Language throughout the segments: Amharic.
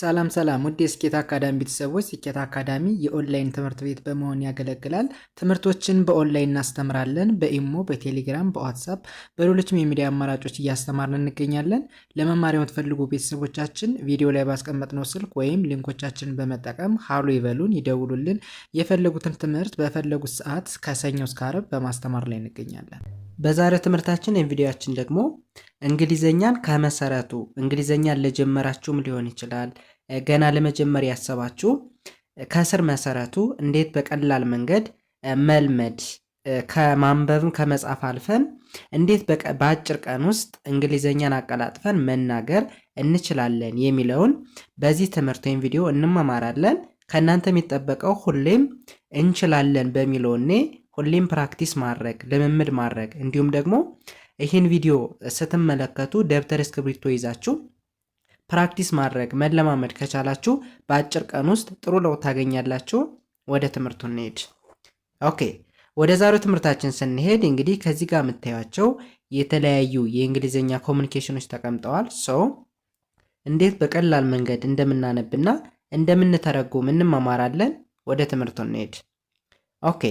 ሰላም ሰላም ውድ የስኬት አካዳሚ ቤተሰቦች፣ ስኬት አካዳሚ የኦንላይን ትምህርት ቤት በመሆን ያገለግላል። ትምህርቶችን በኦንላይን እናስተምራለን። በኢሞ፣ በቴሌግራም፣ በዋትሳፕ በሌሎችም የሚዲያ አማራጮች እያስተማርን እንገኛለን። ለመማር የምትፈልጉ ቤተሰቦቻችን ቪዲዮ ላይ ባስቀመጥነው ስልክ ወይም ሊንኮቻችንን በመጠቀም ሀሎ ይበሉን፣ ይደውሉልን። የፈለጉትን ትምህርት በፈለጉት ሰዓት ከሰኞ እስከ አረብ በማስተማር ላይ እንገኛለን። በዛሬው ትምህርታችን የቪዲዮያችን ደግሞ እንግሊዘኛን ከመሰረቱ እንግሊዘኛን ለጀመራችሁም ሊሆን ይችላል፣ ገና ለመጀመር ያሰባችሁ ከስር መሰረቱ እንዴት በቀላል መንገድ መልመድ ከማንበብም ከመጻፍ አልፈን እንዴት በአጭር ቀን ውስጥ እንግሊዘኛን አቀላጥፈን መናገር እንችላለን የሚለውን በዚህ ትምህርት ወይም ቪዲዮ እንማማራለን። ከእናንተ የሚጠበቀው ሁሌም እንችላለን በሚለውኔ ሁሌም ፕራክቲስ ማድረግ ልምምድ ማድረግ እንዲሁም ደግሞ ይህን ቪዲዮ ስትመለከቱ ደብተር እስክሪብቶ ይዛችሁ ፕራክቲስ ማድረግ መለማመድ ከቻላችሁ በአጭር ቀን ውስጥ ጥሩ ለውጥ ታገኛላችሁ። ወደ ትምህርቱ እንሄድ። ኦኬ ወደ ዛሬው ትምህርታችን ስንሄድ እንግዲህ ከዚህ ጋር የምታዩቸው የተለያዩ የእንግሊዝኛ ኮሚኒኬሽኖች ተቀምጠዋል። ሰው እንዴት በቀላል መንገድ እንደምናነብና እንደምንተረጉም እንማማራለን። ወደ ትምህርቱ እንሄድ። ኦኬ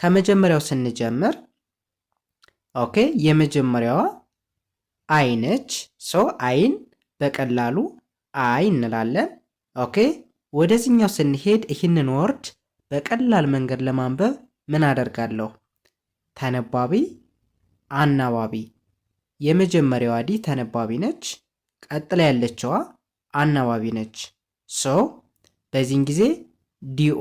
ከመጀመሪያው ስንጀምር ኦኬ የመጀመሪያዋ አይ ነች። ሶ አይን በቀላሉ አይ እንላለን። ኦኬ ወደዚህኛው ስንሄድ ይህንን ወርድ በቀላል መንገድ ለማንበብ ምን አደርጋለሁ? ተነባቢ አናባቢ። የመጀመሪያዋ ዲ ተነባቢ ነች። ቀጥላ ያለችዋ አናባቢ ነች። ሶ በዚህን ጊዜ ዲኦ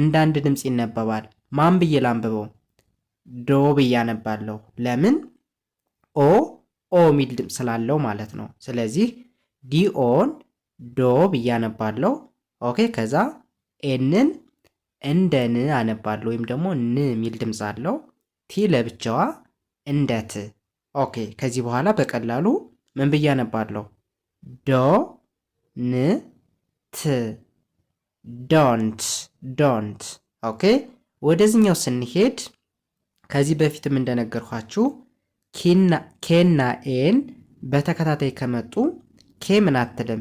እንደ አንድ ድምፅ ይነበባል። ማን ብዬ ላንብበው? ዶ ብዬ አነባለሁ። ለምን? ኦ ኦ የሚል ድምፅ ስላለው ማለት ነው። ስለዚህ ዲኦን ዶ ብዬ አነባለሁ። ኦኬ። ከዛ ኤንን እንደ ን አነባለሁ ወይም ደግሞ ን የሚል ድምፅ አለው። ቲ ለብቻዋ እንደ ት። ኦኬ። ከዚህ በኋላ በቀላሉ ምን ብዬ አነባለሁ? ዶ ን ት ዶንት ዶንት። ኦኬ ወደዚህኛው ስንሄድ ከዚህ በፊትም እንደነገርኳችሁ ኬና ኤን በተከታታይ ከመጡ ኬ ምን አትልም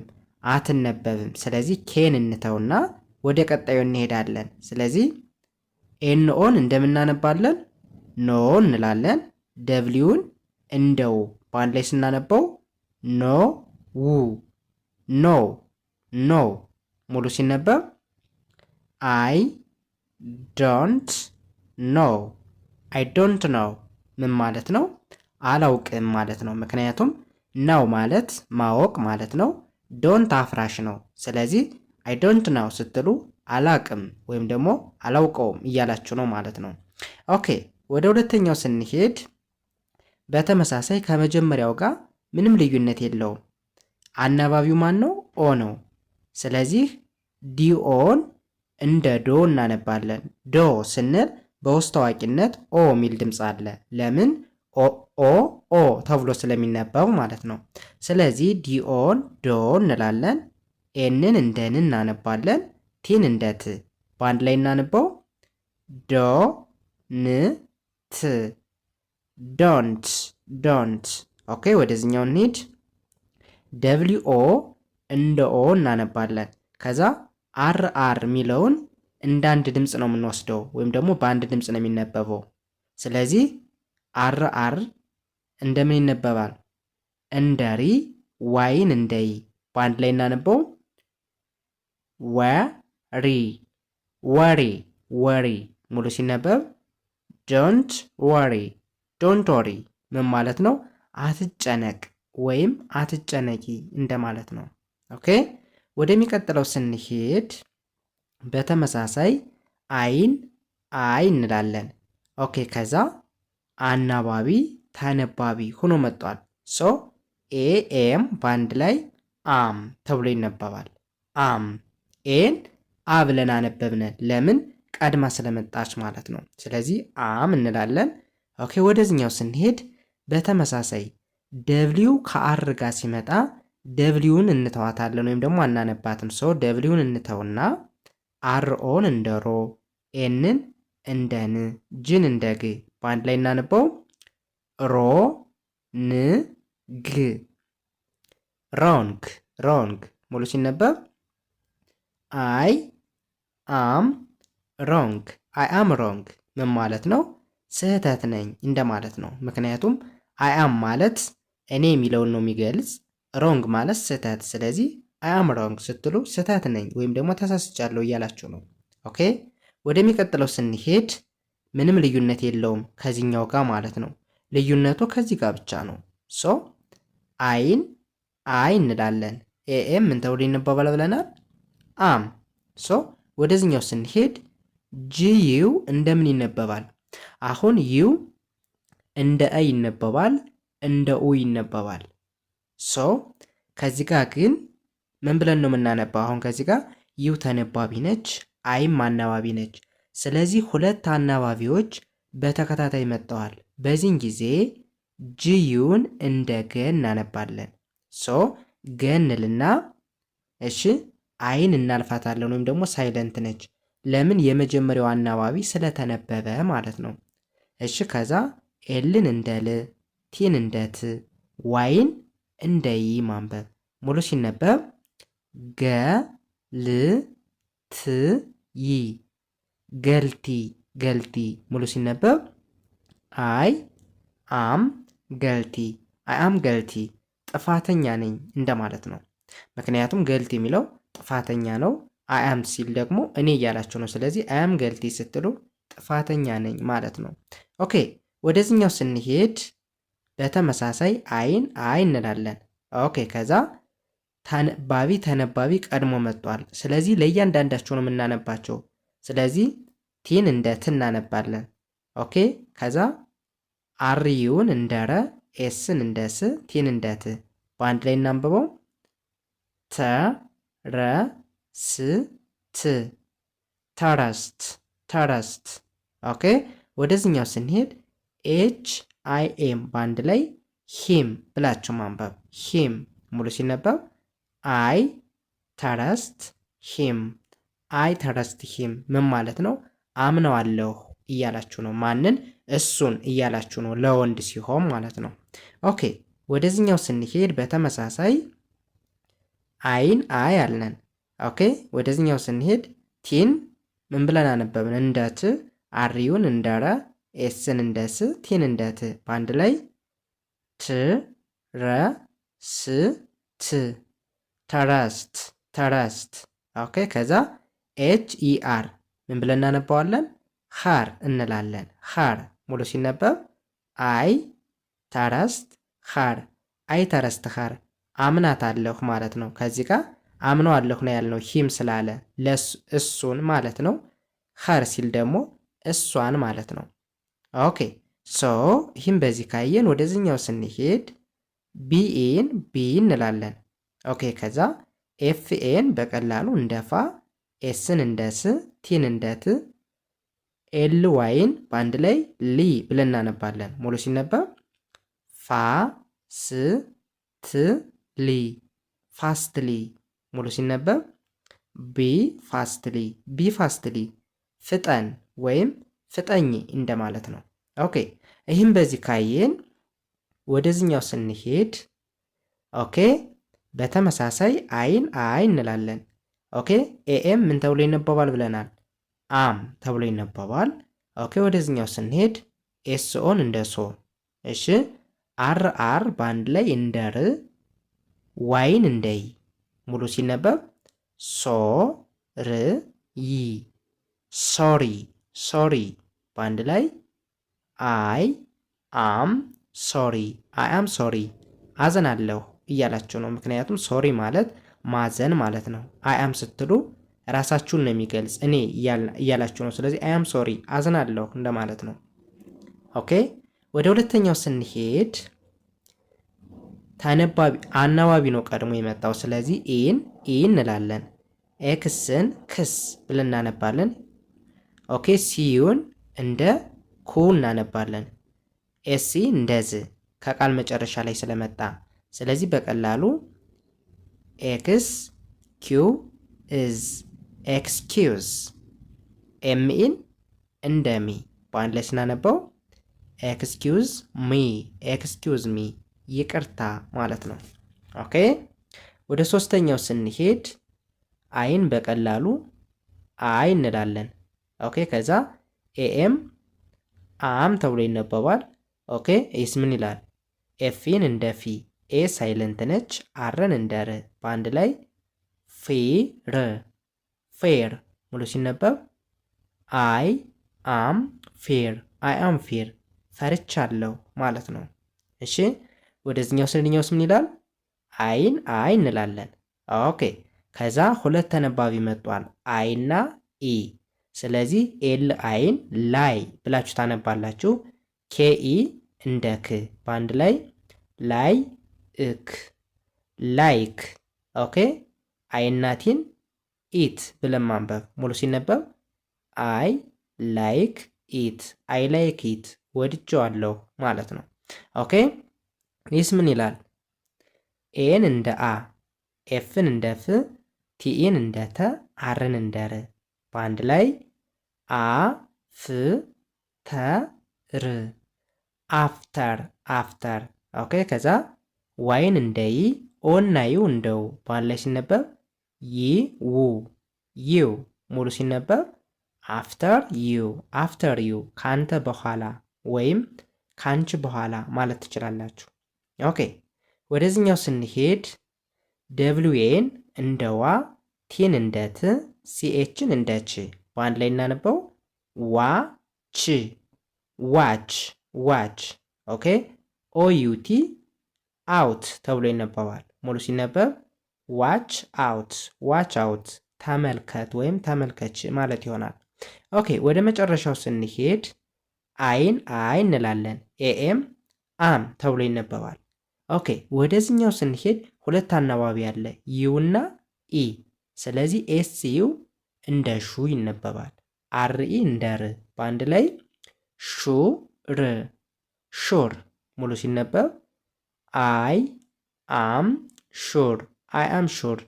አትነበብም። ስለዚህ ኬን እንተውና ወደ ቀጣዩ እንሄዳለን። ስለዚህ ኤን ኦን እንደምናነባለን ኖ እንላለን። ደብሊውን እንደው በአንድ ላይ ስናነበው ኖ ው ኖ ኖ ሙሉ ሲነበብ አይ ዶንት ኖ አይ ዶንት ነው ምን ማለት ነው? አላውቅም ማለት ነው። ምክንያቱም ነው ማለት ማወቅ ማለት ነው። ዶንት አፍራሽ ነው። ስለዚህ አይ ዶንት ነው ስትሉ አላቅም ወይም ደግሞ አላውቀውም እያላችሁ ነው ማለት ነው። ኦኬ ወደ ሁለተኛው ስንሄድ በተመሳሳይ ከመጀመሪያው ጋር ምንም ልዩነት የለውም። አናባቢው ማን ነው? ኦ ነው። ስለዚህ ዲኦን እንደ ዶ እናነባለን። ዶ ስንል በውስጥ ታዋቂነት ኦ የሚል ድምፅ አለ። ለምን? ኦ ኦ ተብሎ ስለሚነበብ ማለት ነው። ስለዚህ ዲኦን ዶ እንላለን። ኤንን እንደ ን እናነባለን። ቲን እንደ ት በአንድ ላይ እናንበው ዶ ን ት ዶንት ዶንት። ኦኬ ወደዚህኛው እንሂድ። ደብሊኦ ኦ እንደ ኦ እናነባለን። ከዛ አር አር የሚለውን እንደ አንድ ድምፅ ነው የምንወስደው ወይም ደግሞ በአንድ ድምፅ ነው የሚነበበው። ስለዚህ አር አር እንደምን ይነበባል? እንደ ሪ ዋይን እንደይ በአንድ ላይ እናነበው ወሪ ወሪ ወሪ ሙሉ ሲነበብ ዶንት ወሪ ዶንት ወሪ ምን ማለት ነው? አትጨነቅ ወይም አትጨነቂ እንደማለት ነው። ኦኬ ወደሚቀጥለው ስንሄድ በተመሳሳይ አይን አይ እንላለን። ኦኬ ከዛ አናባቢ ተነባቢ ሆኖ መጥቷል። ሶ ኤኤም በአንድ ላይ አም ተብሎ ይነበባል። አም ኤን አ ብለን አነበብነ። ለምን ቀድማ ስለመጣች ማለት ነው። ስለዚህ አም እንላለን። ኦኬ ወደዚኛው ስንሄድ በተመሳሳይ ደብሊው ከአር ጋር ሲመጣ ደብሊውን እንተዋታለን ወይም ደግሞ አናነባትም። ሰው ደብሊውን እንተውና አርኦን እንደ ሮ፣ ኤንን እንደ ን፣ ጅን እንደ ግ በአንድ ላይ እናነበው ሮ ን ግ ሮንግ ሮንግ ሙሉ ሲነበብ አይ አም ሮንግ አይ አም ሮንግ ምን ማለት ነው? ስህተት ነኝ እንደማለት ነው። ምክንያቱም አይ አም ማለት እኔ የሚለውን ነው የሚገልጽ ሮንግ ማለት ስህተት። ስለዚህ አያም ሮንግ ስትሉ ስህተት ነኝ ወይም ደግሞ ተሳስቻለሁ እያላችሁ ነው። ኦኬ ወደሚቀጥለው ስንሄድ ምንም ልዩነት የለውም ከዚህኛው ጋር ማለት ነው። ልዩነቱ ከዚህ ጋር ብቻ ነው። ሶ አይን አይ እንላለን። ኤኤም ምን ተብሎ ይነበባል ብለናል? አም። ሶ ወደዚህኛው ስንሄድ ጂዩ እንደምን ይነበባል? አሁን ዩ እንደ አይ ይነበባል፣ እንደ ኡ ይነበባል። ሶ ከዚህ ጋር ግን ምን ብለን ነው የምናነባው? አሁን ከዚህ ጋር ዩ ተነባቢ ነች፣ አይም አናባቢ ነች። ስለዚህ ሁለት አናባቢዎች በተከታታይ መጥተዋል። በዚህን ጊዜ ጂዩን እንደ ገ እናነባለን። ሶ ገ እንልና እሺ አይን እናልፋታለን፣ ወይም ደግሞ ሳይለንት ነች። ለምን የመጀመሪያው አናባቢ ስለተነበበ ማለት ነው። እሺ ከዛ ኤልን እንደ ል፣ ቲን እንደ ት፣ ዋይን እንደይ ማንበብ ሙሉ ሲነበብ ገ ል ት ይ ገልቲ ገልቲ ሙሉ ሲነበብ አይ አም ገልቲ አይ አም ገልቲ ጥፋተኛ ነኝ እንደማለት ነው። ምክንያቱም ገልቲ የሚለው ጥፋተኛ ነው። አይ አም ሲል ደግሞ እኔ እያላችሁ ነው። ስለዚህ አይ አም ገልቲ ስትሉ ጥፋተኛ ነኝ ማለት ነው። ኦኬ ወደዚህኛው ስንሄድ በተመሳሳይ አይን አይ እንላለን። ኦኬ ከዛ ተነባቢ ተነባቢ ቀድሞ መጥቷል። ስለዚህ ለእያንዳንዳቸው ነው የምናነባቸው። ስለዚህ ቲን እንደ ት እናነባለን። ኦኬ ከዛ አርዩን እንደ ረ፣ ኤስን እንደ ስ፣ ቲን እንደ ት በአንድ ላይ እናንብበው። ተ ረ ስ ት ተረስት ተረስት። ኦኬ ወደዚህኛው ስንሄድ ኤች አይ ኤም በአንድ ላይ ሂም ብላችሁ ማንበብ። ሂም ሙሉ ሲነበብ አይ ተረስት ሂም። አይ ተረስት ሂም ምን ማለት ነው? አምነዋለሁ እያላችሁ ነው። ማንን? እሱን እያላችሁ ነው፣ ለወንድ ሲሆን ማለት ነው። ኦኬ ወደዚኛው ስንሄድ በተመሳሳይ አይን አይ አልነን። ኦኬ ወደዚህኛው ስንሄድ ቲን ምን ብለን አነበብን? እንደ ት አሪውን እንደ ረ ኤስን እንደ ስ ቲን እንደ ት በአንድ ላይ ት ረ ስ ት ተረስት ተረስት። ኦኬ ከዛ ኤች ኢ አር ምን ብለን እናነባዋለን? ሃር እንላለን። ሃር ሙሉ ሲነበብ አይ ተረስት ሃር አይ ተረስት ሃር አምናት አለሁ ማለት ነው። ከዚህ ጋር አምነው አለሁ ነው ያልነው ሂም ስላለ እሱን ማለት ነው። ሃር ሲል ደግሞ እሷን ማለት ነው። ኦኬ ሶ ይህም በዚህ ካየን ወደዚህኛው ስንሄድ ቢኤን ቢ እንላለን። ኦኬ ከዛ ኤፍኤን በቀላሉ እንደ ፋ፣ ኤስን እንደ ስ፣ ቲን እንደ ት፣ ኤል ዋይን በአንድ ላይ ሊ ብለን እናነባለን። ሙሉ ሲነበብ ፋ ስ ት ሊ ፋስትሊ። ሙሉ ሲነበብ ቢ ፋስትሊ ቢ ፋስትሊ፣ ፍጠን ወይም ፍጠኝ እንደማለት ነው። ኦኬ ይህም በዚህ ካየን ወደዚኛው ስንሄድ ኦኬ በተመሳሳይ አይን አይ እንላለን። ኦኬ ኤኤም ምን ተብሎ ይነበባል ብለናል? አም ተብሎ ይነበባል። ኦኬ ወደዚህኛው ስንሄድ ኤስኦን እንደ ሶ እሺ፣ አር አር በአንድ ላይ እንደ ር፣ ዋይን እንደይ ሙሉ ሲነበብ ሶ ር ይ ሶሪ ሶሪ በአንድ ላይ አይ አም ሶሪ አይ አም ሶሪ አዘናለሁ እያላችሁ ነው። ምክንያቱም ሶሪ ማለት ማዘን ማለት ነው። አይ አም ስትሉ ራሳችሁን ነው የሚገልጽ እኔ እያላችሁ ነው። ስለዚህ አይ አም ሶሪ አዘናለሁ እንደማለት ነው። ኦኬ ወደ ሁለተኛው ስንሄድ ተነባቢ አናባቢ ነው ቀድሞ የመጣው። ስለዚህ ኢን ኢን እንላለን። ኤክስን ክስ ብለን እናነባለን። ኦኬ ሲዩን እንደ ኩ እናነባለን። ኤሲ እንደዝ ከቃል መጨረሻ ላይ ስለመጣ ስለዚህ በቀላሉ ኤክስ ኪ እዝ ኤክስኪዩዝ ኤምኢን ሚ በአንድ ላይ ስናነበው ኤክስኪዝ ሚ ኤክስኪዝ ሚ ይቅርታ ማለት ነው። ኦኬ ወደ ሶስተኛው ስንሄድ አይን በቀላሉ አይ እንላለን። ኦኬ ከዛ ኤኤም አም ተብሎ ይነበባል። ኦኬ ኤስ ምን ይላል? ኤፊን እንደ ፊ፣ ኤ ሳይለንት ነች፣ አረን እንደ ር፣ በአንድ ላይ ፌር ፌር ሙሉ ሲነበብ አይ አም ፌር አይ አም ፌር ፈርቻለሁ ማለት ነው። እሺ ወደዚኛው ስንኛውስ ምን ይላል? አይን አይ እንላለን። ኦኬ ከዛ ሁለት ተነባቢ መጥቷል። አይና ኢ ስለዚህ ኤል አይን ላይ ብላችሁ ታነባላችሁ። ኬኢ እንደ ክ በአንድ ላይ ላይ እክ ላይክ። ኦኬ አይናቲን ኢት ብለን ማንበብ ሙሉ ሲነበብ አይ ላይክ ኢት አይ ላይክ ኢት ወድጀዋለሁ ማለት ነው። ኦኬ ይህስ ምን ይላል? ኤን እንደ አ፣ ኤፍን እንደ ፍ፣ ቲኢን እንደ ተ፣ አርን እንደ ር በአንድ ላይ አፍተር አፍተር አፍተር። ኦኬ ከዛ ዋይን እንደ ይ ኦና እንደው በአንድ ሲነበብ ይ ው ዩ ሙሉ ሲነበብ አፍተር ዩ አፍተር ዩ ከአንተ በኋላ ወይም ከአንቺ በኋላ ማለት ትችላላችሁ። ኦኬ ወደዚኛው ስንሄድ ደብሊዩኤን እንደዋ ቲን እንደ ት ሲኤችን እንደ ች በአንድ ላይ እናነበው ዋ ች ዋች ዋች። ኦኬ ኦዩቲ አውት ተብሎ ይነበባል። ሙሉ ሲነበብ ዋች አውት ዋች አውት ተመልከት ወይም ተመልከች ማለት ይሆናል። ኦኬ ወደ መጨረሻው ስንሄድ አይን አይ እንላለን። ኤኤም አም ተብሎ ይነበባል። ኦኬ ወደዚህኛው ስንሄድ ሁለት አናባቢ አለ ዩና ኢ። ስለዚህ ኤስ ዩ እንደ ሹ ይነበባል። አርኢ እንደ ር በአንድ ላይ ሹ ር ሹር ሙሉ ሲነበብ አይ አም ሹር አይ አም ሹር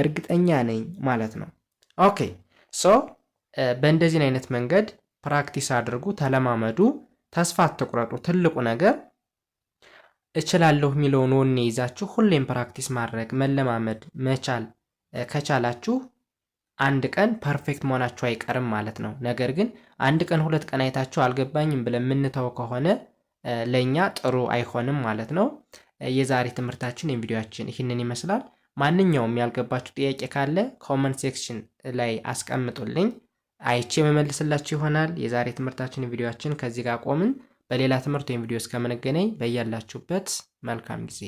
እርግጠኛ ነኝ ማለት ነው። ኦኬ ሶ በእንደዚህን አይነት መንገድ ፕራክቲስ አድርጉ፣ ተለማመዱ፣ ተስፋ አትቁረጡ። ትልቁ ነገር እችላለሁ የሚለውን ወኔ ይዛችሁ ሁሌም ፕራክቲስ ማድረግ መለማመድ መቻል ከቻላችሁ አንድ ቀን ፐርፌክት መሆናቸው አይቀርም ማለት ነው። ነገር ግን አንድ ቀን ሁለት ቀን አይታቸው አልገባኝም ብለን የምንተው ከሆነ ለእኛ ጥሩ አይሆንም ማለት ነው። የዛሬ ትምህርታችን ወይም ቪዲዮችን ይህንን ይመስላል። ማንኛውም ያልገባችሁ ጥያቄ ካለ ኮመንት ሴክሽን ላይ አስቀምጡልኝ፣ አይቼ የመመልስላችሁ ይሆናል። የዛሬ ትምህርታችን ቪዲዮችን ከዚህ ጋር ቆምን። በሌላ ትምህርት ወይም ቪዲዮ እስከምንገናኝ በያላችሁበት መልካም ጊዜ